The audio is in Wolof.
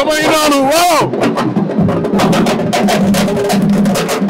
nga may noonu waaw